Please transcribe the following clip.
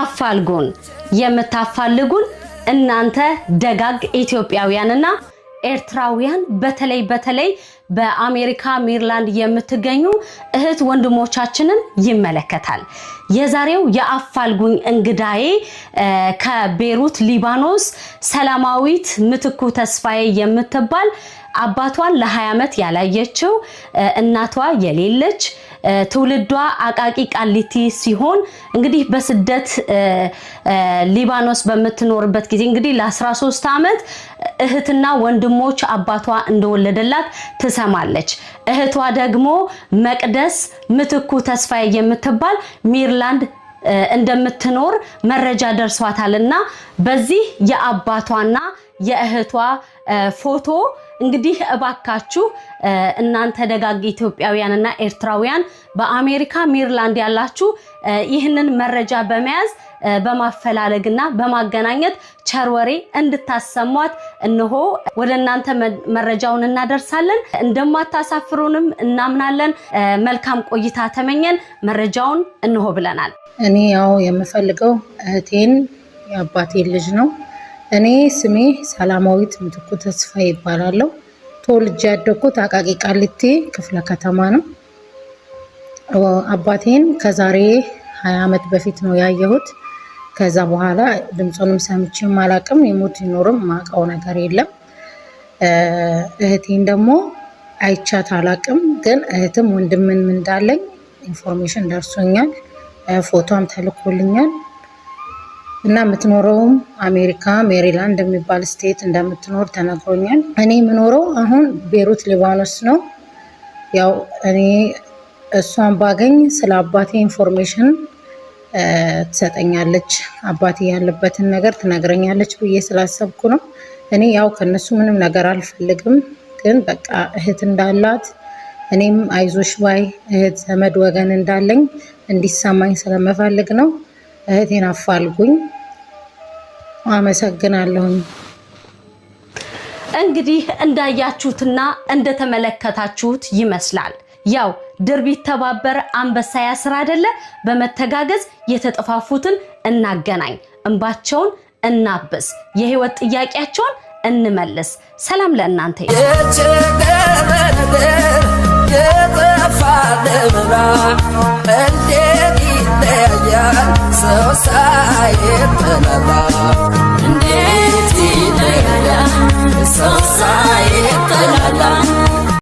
አፋልጉን። የምታፋልጉን እናንተ ደጋግ ኢትዮጵያውያንና ኤርትራውያን በተለይ በተለይ በአሜሪካ ሜሪላንድ የምትገኙ እህት ወንድሞቻችንን ይመለከታል። የዛሬው የአፋልጉኝ እንግዳዬ ከቤሩት ሊባኖስ ሰላማዊት ምትኩ ተስፋዬ የምትባል አባቷን ለ20 ዓመት ያላየችው እናቷ የሌለች ትውልዷ አቃቂ ቃሊቲ ሲሆን እንግዲህ በስደት ሊባኖስ በምትኖርበት ጊዜ እንግዲህ ለ13 ዓመት እህትና ወንድሞች አባቷ እንደወለደላት ትሰማለች። እህቷ ደግሞ መቅደስ ምትኩ ተስፋዬ የምትባል ሜሪላንድ እንደምትኖር መረጃ ደርሷታልና በዚህ የአባቷና የእህቷ ፎቶ እንግዲህ እባካችሁ እናንተ ደጋግ ኢትዮጵያውያንና ኤርትራውያን በአሜሪካ ሜሪላንድ ያላችሁ ይህንን መረጃ በመያዝ በማፈላለግና በማገናኘት ቸር ወሬ እንድታሰሟት እንሆ ወደ እናንተ መረጃውን እናደርሳለን። እንደማታሳፍሩንም እናምናለን። መልካም ቆይታ ተመኘን። መረጃውን እንሆ ብለናል። እኔ ያው የምፈልገው እህቴን የአባቴን ልጅ ነው እኔ ስሜ ሰላማዊት ምትኩ ተስፋ ይባላለሁ። ተወልጄ ያደግኩት አቃቂ ቃሊቲ ክፍለ ከተማ ነው። አባቴን ከዛሬ ሀያ ዓመት በፊት ነው ያየሁት። ከዛ በኋላ ድምፁንም ሰምቼም አላቅም። የሞት ይኖርም ማውቀው ነገር የለም። እህቴን ደግሞ አይቻት አላቅም። ግን እህትም ወንድምም እንዳለኝ ኢንፎርሜሽን ደርሶኛል፣ ፎቶም ተልኮልኛል። እና የምትኖረውም አሜሪካ ሜሪላንድ የሚባል ስቴት እንደምትኖር ተነግሮኛል። እኔ የምኖረው አሁን ቤሩት ሊባኖስ ነው። ያው እኔ እሷን ባገኝ ስለ አባቴ ኢንፎርሜሽን ትሰጠኛለች፣ አባቴ ያለበትን ነገር ትነግረኛለች ብዬ ስላሰብኩ ነው። እኔ ያው ከነሱ ምንም ነገር አልፈልግም፣ ግን በቃ እህት እንዳላት እኔም አይዞሽ ባይ እህት ዘመድ ወገን እንዳለኝ እንዲሰማኝ ስለመፈልግ ነው። እህቴን አፋልጉኝ። አመሰግናለሁኝ። እንግዲህ እንዳያችሁትና እንደተመለከታችሁት ይመስላል ያው ድርቢት ቢተባበር አንበሳ ያስር አይደለ? በመተጋገዝ የተጠፋፉትን እናገናኝ፣ እንባቸውን እናብስ፣ የህይወት ጥያቄያቸውን እንመልስ። ሰላም ለእናንተ ይሁን። ላይ